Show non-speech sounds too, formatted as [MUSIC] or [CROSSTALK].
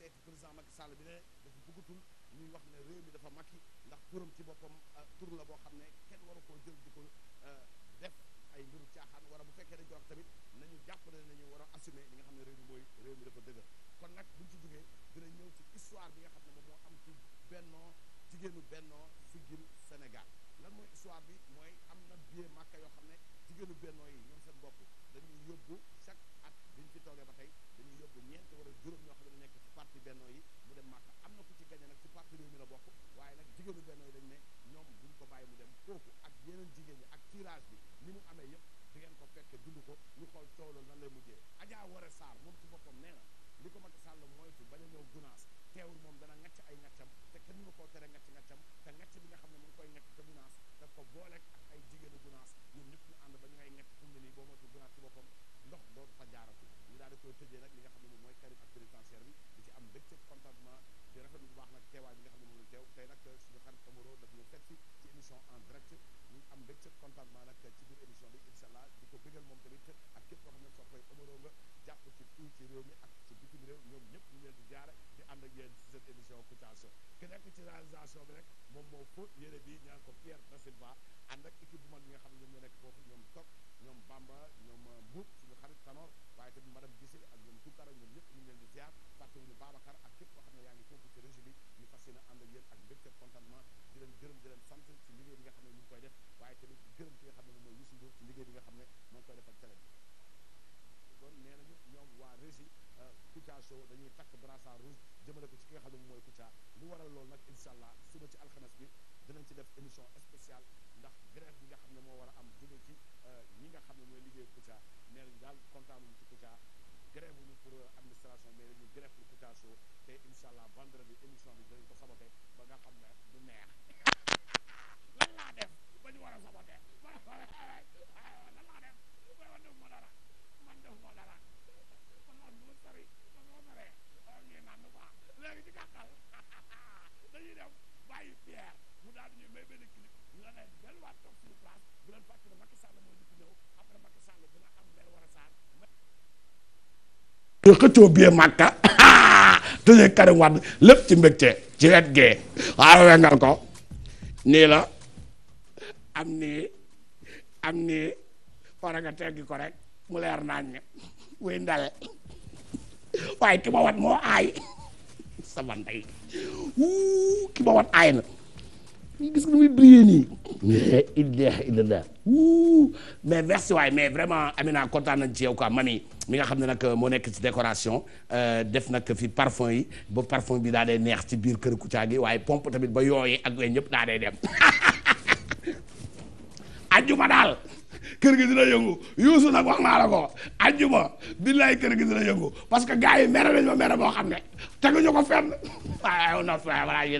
seeti président Macky Sall bi ne dafa bëggatul ñuy wax ne réew mi dafa Macky ndax turam ci boppam euh, tur la boo xam ne kenn waru koo jël di ko euh, def ay mbiru caaxaan wala bu fekkee dañ ko wax tamit ñu jàpp ne nañu war a assumé li nga xam ne réew mi mooy réew mi dafa dëgër kon nag buñ ci jugee dinañ ñëw ci histoire bi nga xam ne moom moo am ci bennoo jigéenu bennoo siggil Sénégal lan mooy histoire bi mooy am na biee Makka yoo xam ne jigéen ñi ak tirage bi ni mu amee yëpp di ngeen ko fekkee dund ko ñu xool coow la lan lay mujjee Adja Wore Sarr moom ci boppam nee na li ko Macky Sall moytu bañ a ñëw gunaas teewul moom dana ngacc ay ngaccam te kenn mënu koo tere nga yéen si cette émission Kouthia Show ki nekk ci réalisation bi rek moom moo fóot yére bi ñaan ko Pierre Da Silva ànd ak équipe bu mag bi nga xam ne ñoom ñoo nekk foofu ñoom toog ñoom Bamba ñoom euh, Mbuub suñu xarit brassard rouge jëmale ko ci ki nga xam ne mooy Kouthia lu waral loolu nag incha allah suba ci alxames bi dinañ ci def émission spéciale ndax grève bi nga xam ne moo war a am ci euh, ñi nga xam ne mooy liggéey Kouthia mais nañ daal kontaanuñu ci Kouthia grève wuñu pour euh, administration mais dañuy grève pour Kouthia Show te incha allah vendredi émission bi dinañ ko sabote ba nga xam ne dana leen delluwaat toog suñu place bu leen fàtte ne Macky wengal [LAUGHS] ko nii am nii am nii war teggi ko rek mu leer naañ ne wuy ndale waaye ki wat moo aay [LAUGHS] sama wuu ki wat aay na gis nga muy brillé nii la ilaha mais merci waay mais vraiment Amina kontaan nañ ci yow quoi mami mi nga xam ne nag moo nekk ci décoration euh, def nag fi parfum yi ba parfum bi daa neex ci biir kër Kouthia gi waaye pompe tamit ba yooyee ak yooyu ñëpp daa dee dem ajjuma [LAUGHS] daal kër gi dina yëngu yuusu nag wax naa la ko ajjuma billaay kër gi dina yëngu parce que gars mere nañ ma mere boo xam ne teguñu ko fenn [LAUGHS] waaye on a fait